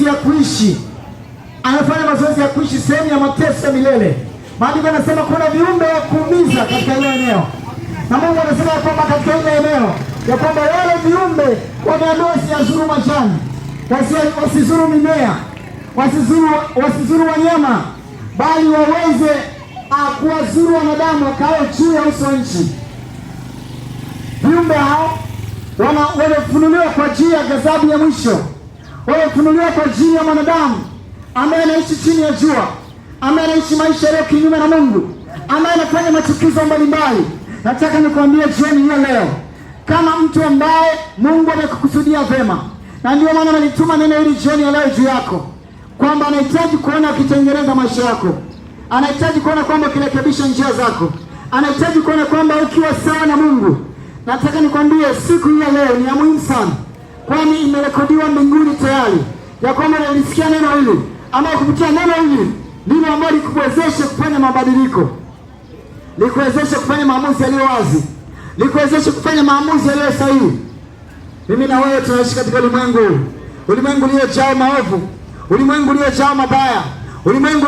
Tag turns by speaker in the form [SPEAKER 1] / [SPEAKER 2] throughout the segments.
[SPEAKER 1] mazoezi ya kuishi, anafanya mazoezi ya kuishi sehemu ya mateso ya milele. Maandiko anasema kuna viumbe wa kuumiza katika ile eneo, na Mungu anasema ya kwamba katika ile eneo ya kwamba wale viumbe wameambiwa wasiyazuru majani, wasizuru mimea, wasizuru, wasizuru wanyama, bali waweze ah, kuwazuru wanadamu wakao juu ya uso nchi. Viumbe hao wanafunuliwa kwa ajili ya ghadhabu ya mwisho waliofunuliwa kwa ajili ya mwanadamu ambaye anaishi chini ya jua, ambaye anaishi maisha yaliyo kinyume na Mungu, ambaye anafanya machukizo mbalimbali. Nataka nikuambie jioni hiyo leo, kama mtu ambaye Mungu amekukusudia vema, na ndiyo maana nalituma neno hili jioni ya leo juu yako, kwamba anahitaji kuona ukitengeneza maisha yako, anahitaji kuona kwamba ukirekebisha njia zako, anahitaji kuona kwamba ukiwa sawa na Mungu. Nataka nikwambie siku hii ya leo ni ya muhimu sana kwani imerekodiwa mbinguni tayari ya kwamba nalisikia neno hili, ama kupitia neno hili ndilo ambalo likuwezeshe kufanya mabadiliko, likuwezeshe kufanya maamuzi yaliyo wazi, likuwezeshe kufanya maamuzi yaliyo sahihi. Mimi na wewe tunaishi katika ulimwengu, ulimwengu uliojaa maovu, ulimwengu uliojaa mabaya, ulimwengu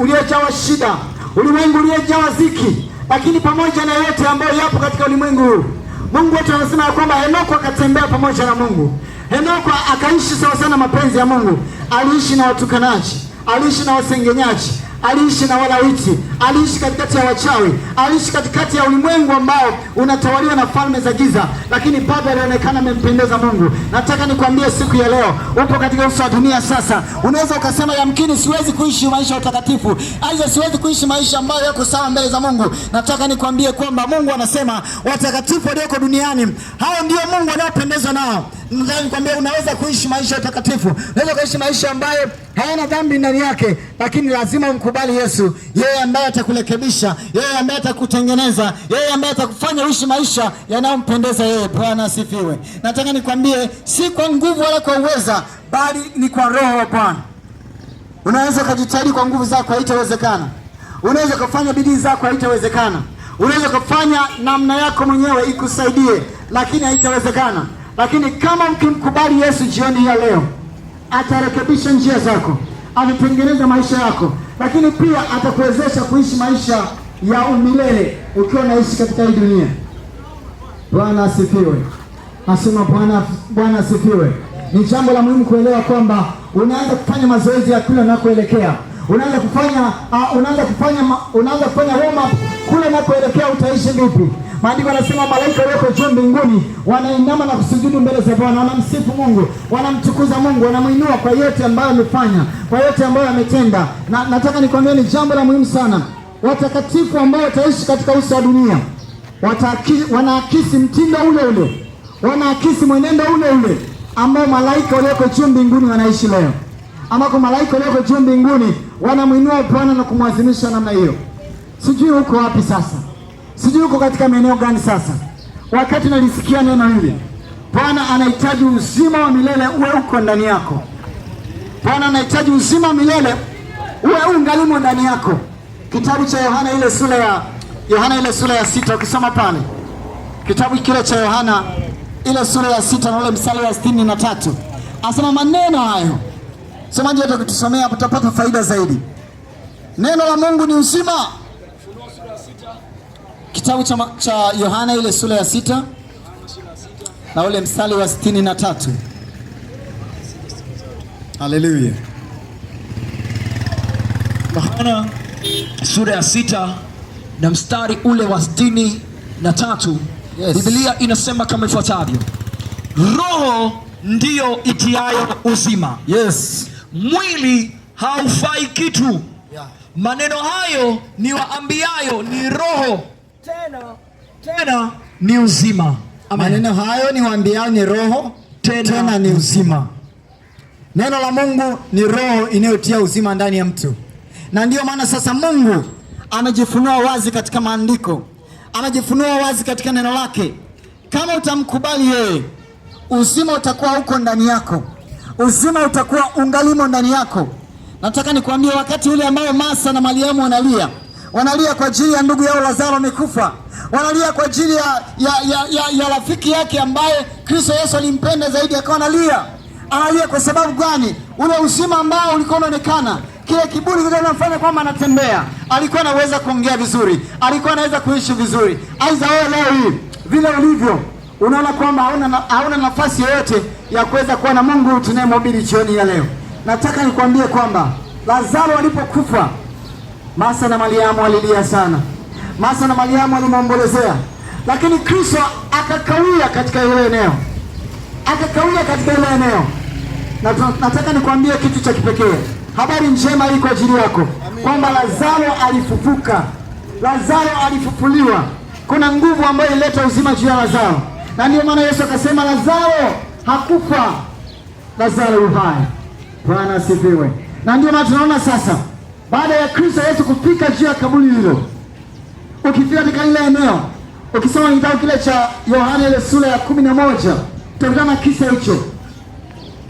[SPEAKER 1] uliojaa shida, ulimwengu uliojaa ziki, lakini pamoja na yote ambayo yapo katika ulimwengu huu Mungu wetu anasema ya kwamba Henoko akatembea pamoja na Mungu. Henoko akaishi sawa sana mapenzi ya Mungu, aliishi na watukanaji, aliishi na wasengenyaji aliishi na walawiti, aliishi katikati ya wachawi, aliishi katikati ya ulimwengu ambao unatawaliwa na falme za giza, lakini bado alionekana amempendeza Mungu. Nataka nikwambie siku ya leo, upo katika uso wa dunia sasa, unaweza ukasema yamkini, siwezi kuishi maisha ya utakatifu, aidha siwezi kuishi maisha ambayo yako sawa mbele za Mungu. Nataka nikwambie kwamba Mungu anasema watakatifu walioko duniani, hao ndio Mungu anaopendezwa nao. Nataka nikwambia unaweza kuishi maisha takatifu, unaweza kuishi maisha ambayo hayana dhambi ndani yake, lakini lazima umkubali Yesu, yeye ambaye atakurekebisha, yeye ambaye atakutengeneza, yeye ambaye atakufanya uishi maisha yanayompendeza yeye. Bwana asifiwe. Nataka nikwambie, si kwa nguvu wala kwa uweza, bali ni kwa roho wa Bwana. Unaweza ukajitahidi kwa nguvu zako, haitawezekana. Unaweza ukafanya bidii zako, haitawezekana. Unaweza ukafanya namna yako mwenyewe ikusaidie, lakini haitawezekana. Lakini kama mkimkubali Yesu jioni ya leo, atarekebisha njia zako, atatengeneza maisha yako, lakini pia atakuwezesha kuishi maisha ya umilele ukiwa naishi katika hii dunia. Bwana asifiwe. Nasema Bwana, Bwana asifiwe. Ni jambo la muhimu kuelewa kwamba unaanza kufanya mazoezi ya kule unakoelekea, unaanza kufanya uh, unaanza kufanya unaanza kufanya warm up kule unakoelekea, utaishi vipi? Maandiko yanasema malaika walioko juu mbinguni wanainama na kusujudu mbele za Bwana, wanamsifu Mungu, wanamtukuza Mungu, wanamwinua kwa yote ambayo amefanya, kwa yote ambayo ametenda. Na nataka nikwambie ni jambo la muhimu sana, watakatifu ambao wataishi katika uso wa dunia wanaakisi mtindo ule ule, wanaakisi mwenendo ule ule ambao malaika walioko juu mbinguni wanaishi leo, ambako malaika walioko juu mbinguni wanamwinua Bwana na kumwazimisha namna hiyo. Sijui huko wapi sasa Sijui uko katika maeneo gani sasa. Wakati nalisikia neno hili, Bwana anahitaji uzima wa milele uwe uko ndani yako. Bwana anahitaji uzima wa milele uwe ungalimo ndani yako. Kitabu cha Yohana ile sura ya Yohana ile sura ya sita ukisoma pale kitabu kile cha Yohana ile sura ya sita na ule mstari wa sitini na tatu asema maneno hayo. Msomaji atakutusomea, utapata faida zaidi. Neno la Mungu ni uzima kitabu cha, cha Yohana ile sura ya sita na ule mstari wa sitini na tatu. Haleluya.
[SPEAKER 2] Yohana sura ya sita na mstari ule wa sitini na tatu. Yes. Biblia inasema kama ifuatavyo: Roho ndiyo itiayo uzima. Yes. Mwili haufai kitu. Yeah. Maneno hayo ni waambiayo ni Roho tena, tena ni uzima.
[SPEAKER 1] Maneno hayo niwaambiao ni roho tena, tena ni uzima. Neno la Mungu ni roho inayotia uzima ndani ya mtu, na ndiyo maana sasa Mungu amejifunua wazi katika maandiko, amejifunua wazi katika neno lake. Kama utamkubali yeye, uzima utakuwa uko ndani yako, uzima utakuwa ungalimo ndani yako. Nataka nikwambie, wakati ule ambao Masa na Mariamu wanalia wanalia kwa ajili ya ndugu yao Lazaro amekufa, wanalia kwa ajili ya, ya, ya, ya, ya rafiki yake ambaye Kristo Yesu alimpenda zaidi, akawa analia. Analia kwa sababu gani? Ule uzima ambao ulikuwa unaonekana kile kiburi kile kinamfanya kwamba anatembea, alikuwa anaweza kuongea vizuri, alikuwa anaweza kuishi vizuri. Aidha wewe leo hii vile ulivyo unaona kwamba hauna hauna nafasi yoyote ya kuweza kuwa na Mungu tunayemhubiri jioni ya leo, nataka nikwambie kwamba Lazaro alipokufa Masa na Mariamu alilia sana, Masa na Mariamu alimwombolezea, lakini Kristo akakawia katika ile eneo, akakawia katika ile eneo. Na nataka nikwambie kitu cha kipekee, habari njema hii kwa ajili yako kwamba Lazaro alifufuka, Lazaro alifufuliwa. Kuna nguvu ambayo ileta uzima juu ya Lazaro, na ndiyo maana Yesu akasema Lazaro hakufa, Lazaro uhai. Bwana asifiwe. Na ndio maana tunaona sasa baada ya Kristo Yesu kufika juu ya kaburi hilo, ukifika katika ile eneo, ukisoma kitabu kile cha Yohana ile sura ya kumi na moja tutakutana kisa hicho,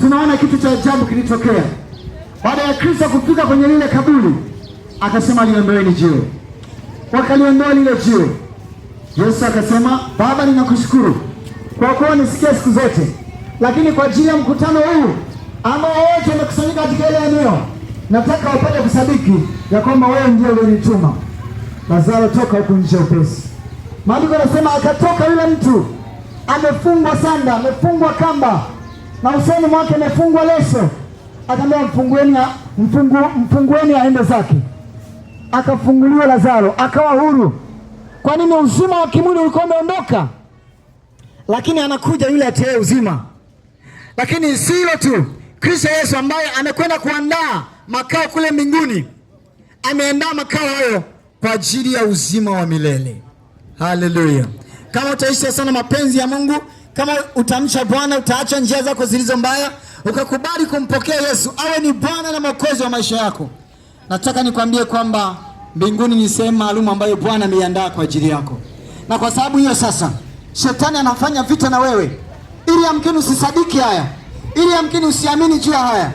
[SPEAKER 1] tunaona kitu cha ajabu kilitokea. Baada ya Kristo kufika kwenye lile kaburi, akasema liondoeni jiwe, wakaliondoa lile jiwe. Yesu akasema, Baba, ninakushukuru kwa kuwa nisikia siku zote, lakini kwa ajili ya mkutano huu ambao wote wamekusanyika katika ile eneo nataka wapate kusadiki ya kwamba wewe ndio ulinituma. Lazaro, toka huku nje upesi. Maandiko anasema akatoka yule mtu amefungwa sanda, amefungwa kamba na usoni mwake amefungwa leso. Akamwambia mfungueni, mfungu, mfungueni aende zake. Akafunguliwa Lazaro, akawa huru. Kwa nini? Uzima wa kimwili ulikuwa umeondoka, lakini anakuja yule atiaye uzima. Lakini si hilo tu, Kristo Yesu ambaye amekwenda kuandaa makao kule mbinguni, ameandaa makao hayo kwa ajili ya uzima wa milele. Haleluya! Kama utaishi sana mapenzi ya Mungu, kama utamcha Bwana, utaacha njia zako zilizo mbaya, ukakubali kumpokea Yesu awe ni Bwana na Mwokozi wa maisha yako, nataka nikwambie kwamba mbinguni ni sehemu maalum ambayo Bwana ameiandaa kwa ajili yako, na kwa sababu hiyo sasa shetani anafanya vita na wewe ili amkini usisadiki haya, ili amkini usiamini juu ya haya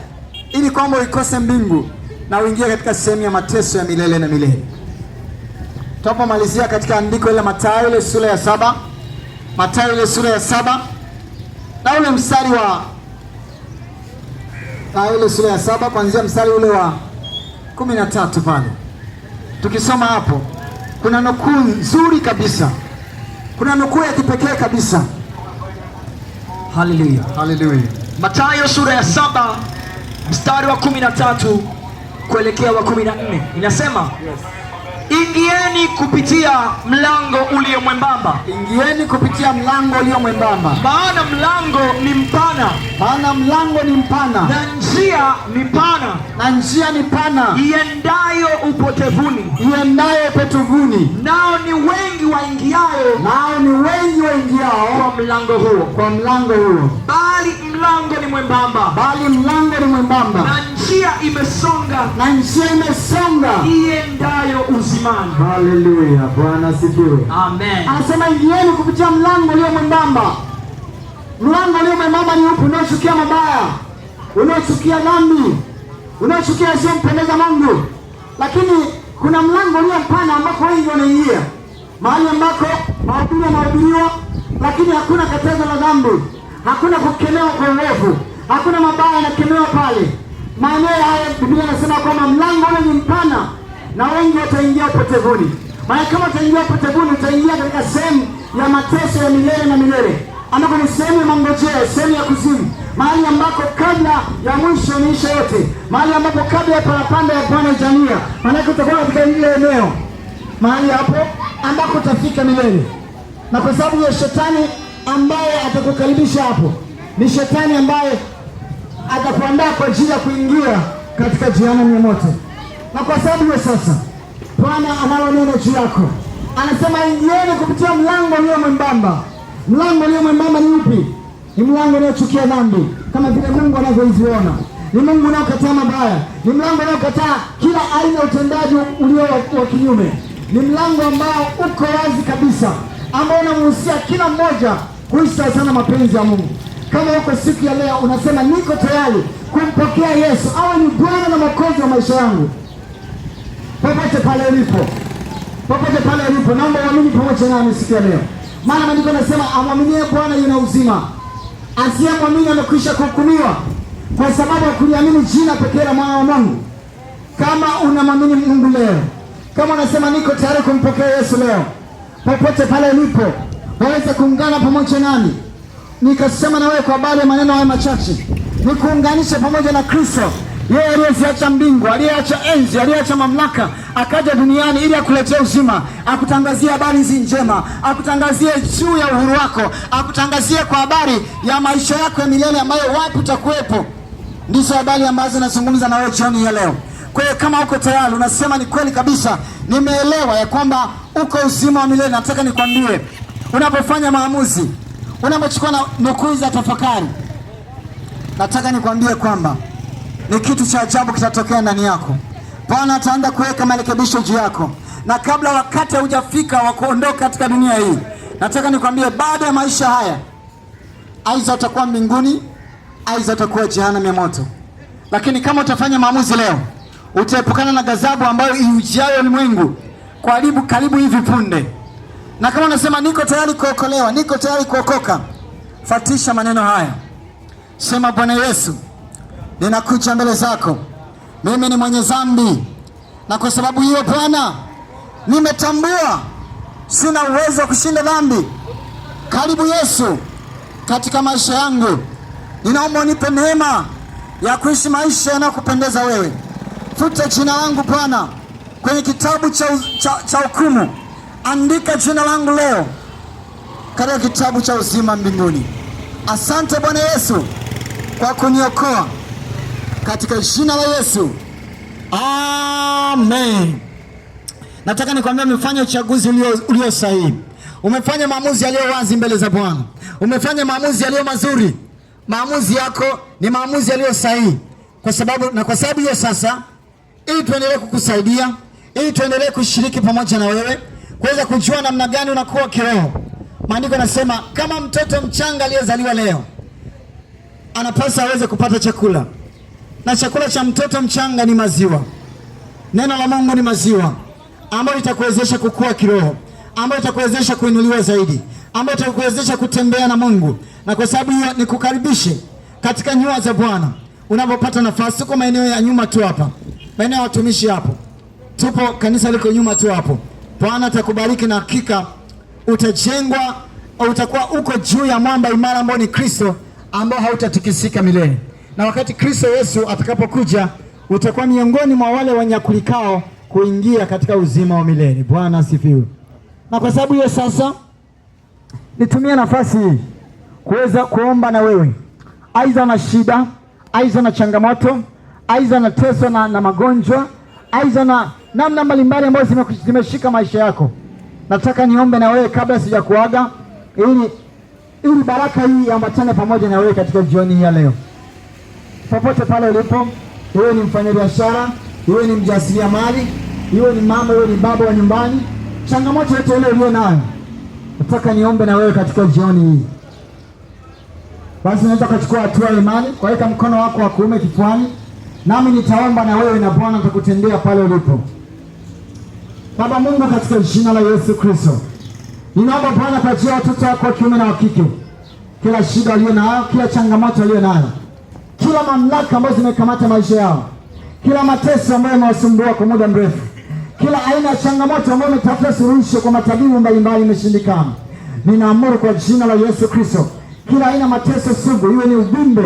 [SPEAKER 1] ili kwamba uikose mbingu na uingie katika sehemu ya mateso ya milele na milele. Tunapomalizia katika andiko la Mathayo ile sura ya saba, Mathayo ile sura ya saba na ule mstari wa na ile sura ya saba kuanzia mstari ule wa kumi na tatu pale tukisoma hapo, kuna nukuu nzuri kabisa, kuna nukuu ya kipekee kabisa. Haleluya,
[SPEAKER 2] haleluya. Mathayo sura ya saba mstari wa kumi na tatu kuelekea wa kumi na nne inasema Ingieni kupitia mlango ulio mwembamba.
[SPEAKER 1] Ingieni kupitia mlango ulio mwembamba,
[SPEAKER 2] maana mlango ni mpana,
[SPEAKER 1] maana mlango ni mpana,
[SPEAKER 2] na njia ni pana,
[SPEAKER 1] na njia ni pana
[SPEAKER 2] iendayo upotevuni,
[SPEAKER 1] iendayo upotevuni,
[SPEAKER 2] nao ni wengi waingiao,
[SPEAKER 1] nao ni wengi waingiao kwa mlango huo, kwa mlango huo,
[SPEAKER 2] bali mlango ni mwembamba,
[SPEAKER 1] bali mlango ni mwembamba, na
[SPEAKER 2] njia imesonga,
[SPEAKER 1] na njia imesonga
[SPEAKER 2] iendayo uzimani.
[SPEAKER 1] Haleluya, Bwana asifiwe, amen. Anasema ingieni kupitia mlango ulio mwembamba. Mlango ulio mwembamba ni upi? Unaochukia mabaya, unaochukia dhambi, unaochukia isiyompendeza Mungu. Lakini kuna mlango ulio mpana ambako wengi wanaingia, mahali ambako mahubiri yanahubiriwa, lakini hakuna katazo la dhambi hakuna kukemewa kwa uovu, hakuna mabaya yanakemewa pale. Maeneo haya Biblia inasema kwamba mlango ule ni mpana na wengi wataingia potevuni. Maana kama utaingia potevuni, utaingia katika sehemu ya mateso ya milele na milele, ambako ni sehemu ya mangojea, sehemu ya kuzimu, mahali ambako kabla ya mwisho niisha yote, mahali ambapo kabla ya parapanda ya Bwana jamia, maanake utakuwa katika lile eneo mahali hapo ambako utafika milele, na kwa sababu ya shetani ambaye atakukaribisha hapo ni shetani ambaye atakuandaa kwa ajili ya kuingia katika jehanamu ya moto. Na kwa sababu hiyo sasa, Bwana analo neno juu yako, anasema ingieni kupitia mlango ulio mwembamba. Mlango ulio mwembamba ni upi? Ni mlango unaochukia dhambi, kama vile Mungu anavyoiziona. Ni Mungu unaokataa mabaya, ni mlango unaokataa kila aina ya utendaji ulio wa kinyume, ni mlango ambao uko wazi kabisa, ambao unamhusia kila mmoja kuishi sana mapenzi ya Mungu. Kama uko siku ya leo unasema niko tayari kumpokea Yesu awe ni Bwana na Mwokozi wa maisha yangu, popote pale ulipo, popote pale ulipo, naomba uamini pamoja nami siku ya leo, maana maandiko yanasema amwaminie Bwana yuna uzima, asiyemwamini amekwisha kuhukumiwa, kwa sababu ya kuliamini jina pekee la mwana wa Mungu. Kama unamwamini Mungu leo, kama unasema niko tayari kumpokea Yesu leo, popote pale ulipo waweze kuungana pamoja nami, nikasema na wewe kwa habari ya maneno haya machache, nikuunganishe pamoja na Kristo, yeye aliyeziacha mbingu, aliyeacha enzi, aliyeacha mamlaka, akaja duniani ili akuletea uzima, akutangazie habari hizi njema, akutangazie juu ya uhuru wako, akutangazie kwa habari ya maisha yako ya milele ambayo wapi utakuwepo. Ndizo habari ambazo nazungumza na wewe jioni ya leo. Kwa hiyo kama uko tayari unasema ni kweli kabisa, nimeelewa ya kwamba uko uzima wa milele, nataka nikwambie unapofanya maamuzi, unapochukua na nukuu za tafakari, nataka nikwambie kwamba ni kitu cha ajabu kitatokea ndani yako. Bwana ataanza kuweka marekebisho juu yako, na kabla wakati haujafika wa kuondoka katika dunia hii, nataka nikwambie, baada ya maisha haya, aidha utakuwa mbinguni, aidha utakuwa jehanamu ya moto. Lakini kama utafanya maamuzi leo, utaepukana na ghadhabu ambayo iujayo ulimwengu karibu karibu hivi punde. Na kama unasema niko tayari kuokolewa, niko tayari kuokoka, fatisha maneno haya, sema: Bwana Yesu, ninakuja mbele zako, mimi ni mwenye dhambi, na kwa sababu hiyo Bwana, nimetambua sina uwezo wa kushinda dhambi. Karibu Yesu katika maisha yangu, ninaomba unipe neema ya kuishi maisha yanayokupendeza wewe. Futa jina langu Bwana kwenye kitabu cha hukumu andika jina langu leo katika kitabu cha uzima mbinguni. Asante Bwana Yesu kwa kuniokoa katika jina la Yesu, amen. Nataka nikwambia, umefanya uchaguzi ulio, ulio sahihi. Umefanya maamuzi yaliyo wazi mbele za Bwana. Umefanya maamuzi yaliyo mazuri. Maamuzi yako ni maamuzi yaliyo sahihi, kwa sababu na kwa sababu hiyo sasa, ili tuendelee kukusaidia, ili tuendelee kushiriki pamoja na wewe kuweza kujua namna gani unakuwa kiroho. Maandiko yanasema kama mtoto mchanga aliyezaliwa leo anapasa aweze kupata chakula, na chakula cha mtoto mchanga ni maziwa. Neno la Mungu ni maziwa ambayo itakuwezesha kukua kiroho, ambayo itakuwezesha kuinuliwa zaidi, ambayo itakuwezesha kutembea na Mungu. Na kwa sababu hiyo, nikukaribishe katika nyua za Bwana unapopata nafasi. Tuko maeneo ya nyuma tu hapa, maeneo ya watumishi hapo, tupo kanisa liko nyuma tu hapo. Bwana atakubariki na hakika utajengwa, utakuwa uko juu ya mwamba imara ambao ni Kristo, ambao hautatikisika milele. Na wakati Kristo Yesu atakapokuja, utakuwa miongoni mwa wale wanyakulikao kuingia katika uzima wa milele. Bwana asifiwe. Na kwa sababu hiyo sasa nitumie nafasi hii kuweza kuomba na wewe, aidha na shida, aidha na changamoto, aidha na teso na, na magonjwa, aidha na namna mbalimbali ambazo zimeshika maisha yako. Nataka niombe na wewe kabla sijakuaga, ili ili baraka hii iambatane pamoja na wewe katika jioni hii ya leo. Popote pale ulipo, iwe ni mfanyabiashara, iwe ni mjasiriamali, iwe ni mama, iwe ni baba wa nyumbani, changamoto yote ile uliyo nayo, nataka niombe na wewe katika jioni hii. Basi unaweza kuchukua hatua ya imani, kuweka mkono wako wa kuume kifuani, nami nitaomba na wewe na Bwana atakutendea pale ulipo. Baba Mungu, katika jina la Yesu Kristo, ninaomba Bwana kwa ajili ya watoto wako wa kiume na wa kike, kila shida aliyo nayo, kila changamoto aliyo nayo, kila mamlaka ambayo zimekamata maisha yao, kila mateso ambayo yamewasumbua kwa muda mrefu, kila aina ya changamoto ambayo imetafuta suluhisho kwa matabibu mbalimbali imeshindikana, ninaamuru kwa jina la Yesu Kristo, kila aina mateso sugu, iwe ni uvimbe,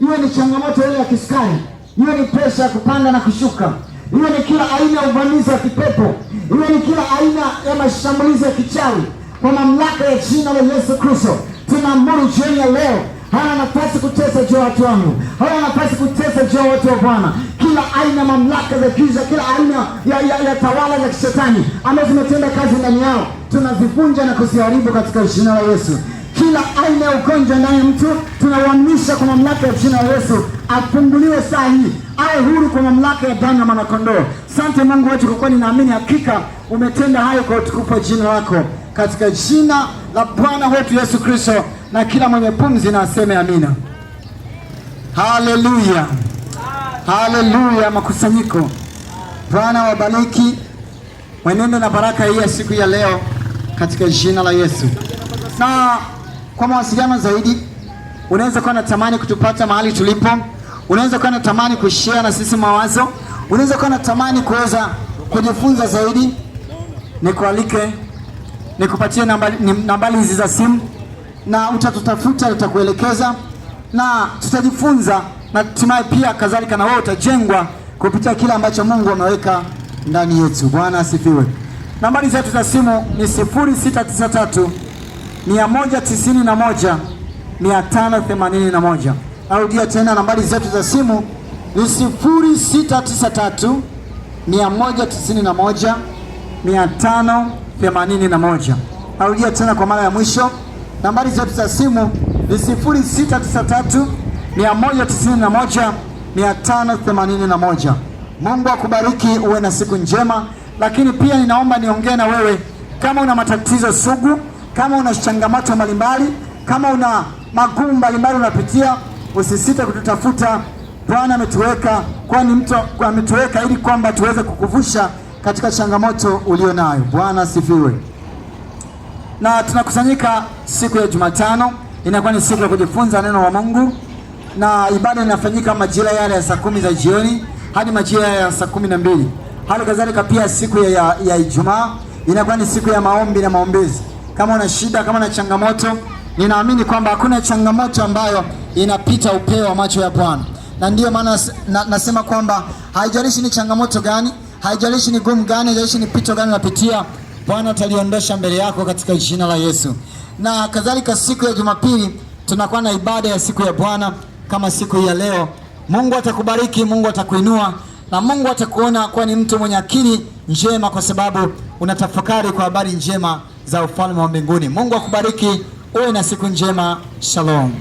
[SPEAKER 1] iwe ni changamoto ile ya kisukari, iwe ni presha ya kupanda na kushuka iwe ni kila aina ya uvamizi wa kipepo, iwe ni kila aina ya mashambulizi ya kichawi, kwa mamlaka ya jina la Yesu Kristo tunaamuru jioni ya leo hana nafasi kutesa juu ya watu wangu, hana nafasi kutesa juu ya watu wa Bwana. Kila aina mamlaka za giza, kila aina ya, ya, ya tawala za kishetani ambazo zimetenda kazi ndani yao tunazivunja na kuziharibu katika jina la Yesu. Kila aina ya ugonjwa ndani ya mtu tunauhamisha kwa mamlaka ya jina la Yesu, afunguliwe saa hii awe huru kwa mamlaka ya damu ya mwanakondoo. Sante Mungu wetu, kwa kuwa ninaamini hakika umetenda hayo kwa utukufu wa jina lako, katika jina la Bwana wetu Yesu Kristo, na kila mwenye pumzi na aseme amina. Haleluya, haleluya makusanyiko. Bwana wabariki, mwenende na baraka hii ya siku ya leo katika jina la Yesu. Na kwa mawasiliano zaidi, unaweza kuwa natamani kutupata mahali tulipo unaweza kuwa natamani kushare na sisi mawazo, unaweza kuwa natamani kuweza kujifunza zaidi, nikualike nikupatie nambari hizi za simu na utatutafuta, tutakuelekeza na tutajifunza, na hatimaye pia kadhalika na wewe utajengwa kupitia kile ambacho Mungu ameweka ndani yetu. Bwana asifiwe. Nambari zetu za simu ni 0693 na moja. Narudia tena nambari zetu za simu ni 0693 191 581. Narudia tena kwa mara ya mwisho nambari zetu za simu ni 0693 191 581. Mungu akubariki, uwe na siku njema, lakini pia ninaomba niongee na wewe kama una matatizo sugu, kama una changamoto mbalimbali, kama una magumu mbalimbali unapitia usisite kututafuta. Bwana ametuweka kwani mtu ametuweka ili kwamba tuweze kukuvusha katika changamoto ulio nayo. Bwana asifiwe. Na tunakusanyika siku ya Jumatano, inakuwa ni siku ya kujifunza neno wa Mungu, na ibada inafanyika majira yale ya saa kumi za jioni hadi majira ya saa kumi na mbili. Hali kadhalika pia siku ya, ya, ya Ijumaa inakuwa ni siku ya maombi na maombezi. Kama una shida, kama una changamoto, ninaamini kwamba hakuna changamoto ambayo inapita upeo wa macho ya Bwana, na ndiyo maana na, nasema kwamba haijalishi ni changamoto gani, haijalishi ni gumu gani, haijalishi ni pito gani unapitia, Bwana ataliondosha mbele yako katika jina la Yesu. Na kadhalika siku ya Jumapili tunakuwa na ibada ya siku ya Bwana kama siku ya leo. Mungu atakubariki, Mungu atakuinua na Mungu atakuona kuwa ni mtu mwenye akili njema, kwa sababu unatafakari kwa habari njema za ufalme wa mbinguni. Mungu akubariki, uwe na siku njema. Shalom.